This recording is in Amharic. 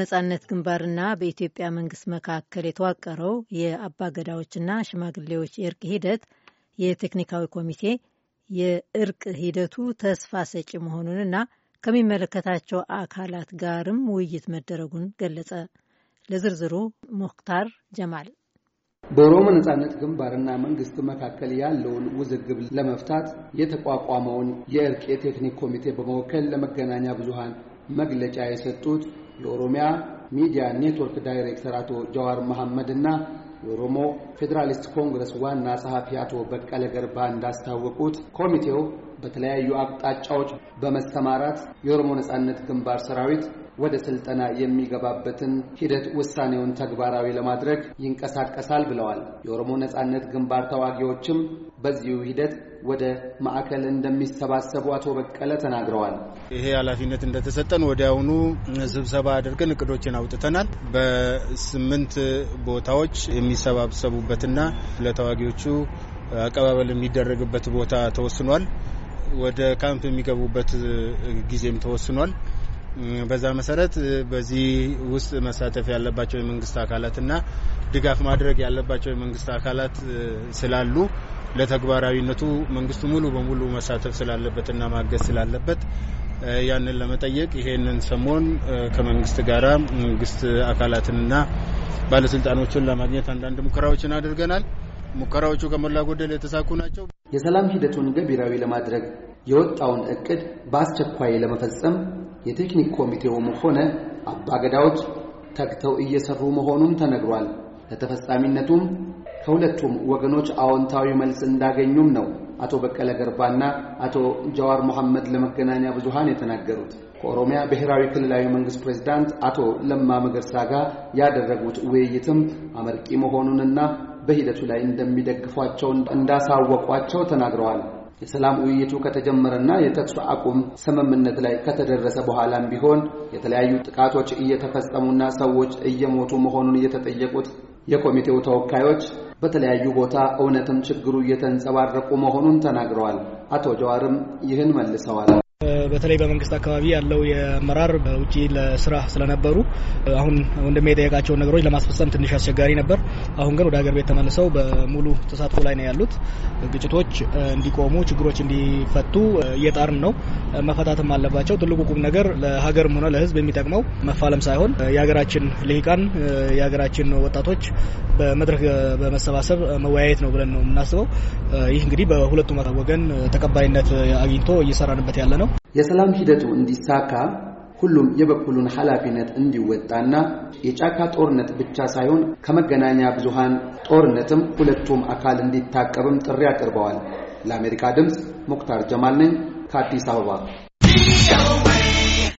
ነጻነት ግንባርና በኢትዮጵያ መንግስት መካከል የተዋቀረው የአባገዳዎችና ሽማግሌዎች የእርቅ ሂደት የቴክኒካዊ ኮሚቴ የእርቅ ሂደቱ ተስፋ ሰጪ መሆኑንና ከሚመለከታቸው አካላት ጋርም ውይይት መደረጉን ገለጸ። ለዝርዝሩ ሙክታር ጀማል በኦሮሞ ነጻነት ግንባርና መንግስት መካከል ያለውን ውዝግብ ለመፍታት የተቋቋመውን የእርቅ የቴክኒክ ኮሚቴ በመወከል ለመገናኛ ብዙሃን መግለጫ የሰጡት የኦሮሚያ ሚዲያ ኔትወርክ ዳይሬክተር አቶ ጀዋር መሐመድ እና የኦሮሞ ፌዴራሊስት ኮንግረስ ዋና ጸሐፊ አቶ በቀለ ገርባ እንዳስታወቁት ኮሚቴው በተለያዩ አቅጣጫዎች በመሰማራት የኦሮሞ ነጻነት ግንባር ሰራዊት ወደ ስልጠና የሚገባበትን ሂደት ውሳኔውን ተግባራዊ ለማድረግ ይንቀሳቀሳል ብለዋል። የኦሮሞ ነጻነት ግንባር ተዋጊዎችም በዚሁ ሂደት ወደ ማዕከል እንደሚሰባሰቡ አቶ በቀለ ተናግረዋል። ይሄ ኃላፊነት እንደተሰጠን ወዲያውኑ ስብሰባ አድርገን እቅዶችን አውጥተናል። በስምንት ቦታዎች የሚሰባሰቡበትና ለተዋጊዎቹ አቀባበል የሚደረግበት ቦታ ተወስኗል። ወደ ካምፕ የሚገቡበት ጊዜም ተወስኗል። በዛ መሰረት በዚህ ውስጥ መሳተፍ ያለባቸው የመንግስት አካላትና ድጋፍ ማድረግ ያለባቸው የመንግስት አካላት ስላሉ ለተግባራዊነቱ መንግስቱ ሙሉ በሙሉ መሳተፍ ስላለበትና ማገዝ ስላለበት ያንን ለመጠየቅ ይሄንን ሰሞን ከመንግስት ጋራ መንግስት አካላትንና ባለስልጣኖችን ለማግኘት አንዳንድ ሙከራዎችን አድርገናል። ሙከራዎቹ ከሞላ ጎደል የተሳኩ ናቸው። የሰላም ሂደቱን ገቢራዊ ለማድረግ የወጣውን እቅድ በአስቸኳይ ለመፈጸም የቴክኒክ ኮሚቴውም ሆነ አባገዳዎች ተግተው እየሰሩ መሆኑም ተነግሯል። ለተፈጻሚነቱም ከሁለቱም ወገኖች አዎንታዊ መልስ እንዳገኙም ነው አቶ በቀለ ገርባና አቶ ጀዋር መሐመድ ለመገናኛ ብዙሃን የተናገሩት። ከኦሮሚያ ብሔራዊ ክልላዊ መንግስት ፕሬዝዳንት አቶ ለማ መገርሳ ጋር ያደረጉት ውይይትም አመርቂ መሆኑንና በሂደቱ ላይ እንደሚደግፏቸው እንዳሳወቋቸው ተናግረዋል። የሰላም ውይይቱ ከተጀመረና የተኩስ አቁም ስምምነት ላይ ከተደረሰ በኋላም ቢሆን የተለያዩ ጥቃቶች እየተፈጸሙና ሰዎች እየሞቱ መሆኑን እየተጠየቁት የኮሚቴው ተወካዮች በተለያዩ ቦታ እውነትም ችግሩ እየተንጸባረቁ መሆኑን ተናግረዋል። አቶ ጀዋርም ይህን መልሰዋል። በተለይ በመንግስት አካባቢ ያለው የአመራር ውጪ ለስራ ስለነበሩ አሁን ወንድሜ የጠየቃቸውን ነገሮች ለማስፈጸም ትንሽ አስቸጋሪ ነበር። አሁን ግን ወደ ሀገር ቤት ተመልሰው በሙሉ ተሳትፎ ላይ ነው ያሉት። ግጭቶች እንዲቆሙ፣ ችግሮች እንዲፈቱ እየጣርን ነው። መፈታትም አለባቸው። ትልቁ ቁም ነገር ለሀገርም ሆነ ለህዝብ የሚጠቅመው መፋለም ሳይሆን የሀገራችን ልሂቃን የሀገራችን ወጣቶች በመድረክ በመሰባሰብ መወያየት ነው ብለን ነው የምናስበው። ይህ እንግዲህ በሁለቱም ወገን ተቀባይነት አግኝቶ እየሰራንበት ያለ ነው። የሰላም ሂደቱ እንዲሳካ ሁሉም የበኩሉን ኃላፊነት እንዲወጣና የጫካ ጦርነት ብቻ ሳይሆን ከመገናኛ ብዙሃን ጦርነትም ሁለቱም አካል እንዲታቀብም ጥሪ አቅርበዋል። ለአሜሪካ ድምፅ ሙክታር ጀማል ነኝ ከአዲስ አበባ።